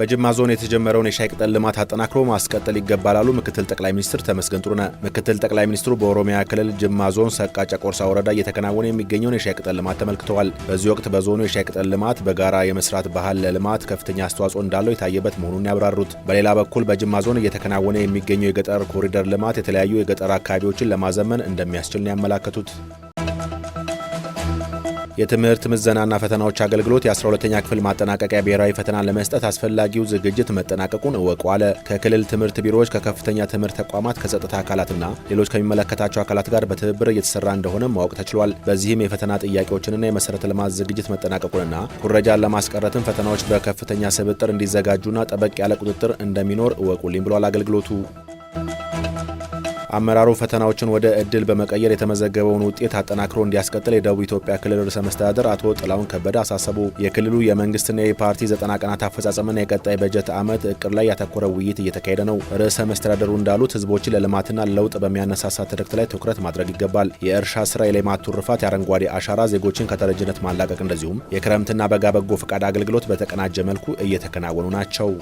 በጅማ ዞን የተጀመረውን የሻይ ቅጠል ልማት አጠናክሮ ማስቀጠል ይገባል አሉ ምክትል ጠቅላይ ሚኒስትር ተመስገን ጥሩነህ። ምክትል ጠቅላይ ሚኒስትሩ በኦሮሚያ ክልል ጅማ ዞን ሰቃ ጨቆርሳ ወረዳ እየተከናወነ የሚገኘውን የሻይ ቅጠል ልማት ተመልክተዋል። በዚህ ወቅት በዞኑ የሻይ ቅጠል ልማት በጋራ የመስራት ባህል ለልማት ከፍተኛ አስተዋጽኦ እንዳለው የታየበት መሆኑን ያብራሩት፣ በሌላ በኩል በጅማ ዞን እየተከናወነ የሚገኘው የገጠር ኮሪደር ልማት የተለያዩ የገጠር አካባቢዎችን ለማዘመን እንደሚያስችል ነው ያመላከቱት። የትምህርት ምዘናና ፈተናዎች አገልግሎት የ12ተኛ ክፍል ማጠናቀቂያ ብሔራዊ ፈተና ለመስጠት አስፈላጊው ዝግጅት መጠናቀቁን እወቁ አለ። ከክልል ትምህርት ቢሮዎች፣ ከከፍተኛ ትምህርት ተቋማት፣ ከጸጥታ አካላትና ሌሎች ከሚመለከታቸው አካላት ጋር በትብብር እየተሰራ እንደሆነ ማወቅ ተችሏል። በዚህም የፈተና ጥያቄዎችንና የመሰረተ ልማት ዝግጅት መጠናቀቁንና ኩረጃን ለማስቀረትም ፈተናዎች በከፍተኛ ስብጥር እንዲዘጋጁና ጠበቅ ያለ ቁጥጥር እንደሚኖር እወቁልኝ ብሏል አገልግሎቱ። አመራሩ ፈተናዎችን ወደ እድል በመቀየር የተመዘገበውን ውጤት አጠናክሮ እንዲያስቀጥል የደቡብ ኢትዮጵያ ክልል ርዕሰ መስተዳደር አቶ ጥላሁን ከበደ አሳሰቡ። የክልሉ የመንግስትና የፓርቲ ዘጠና ቀናት አፈጻጸምና የቀጣይ በጀት ዓመት እቅድ ላይ ያተኮረ ውይይት እየተካሄደ ነው። ርዕሰ መስተዳደሩ እንዳሉት ህዝቦችን ለልማትና ለውጥ በሚያነሳሳ ትርክት ላይ ትኩረት ማድረግ ይገባል። የእርሻ ስራ፣ የሌማት ትሩፋት፣ የአረንጓዴ አሻራ፣ ዜጎችን ከተረጅነት ማላቀቅ እንደዚሁም የክረምትና በጋ በጎ ፈቃድ አገልግሎት በተቀናጀ መልኩ እየተከናወኑ ናቸው።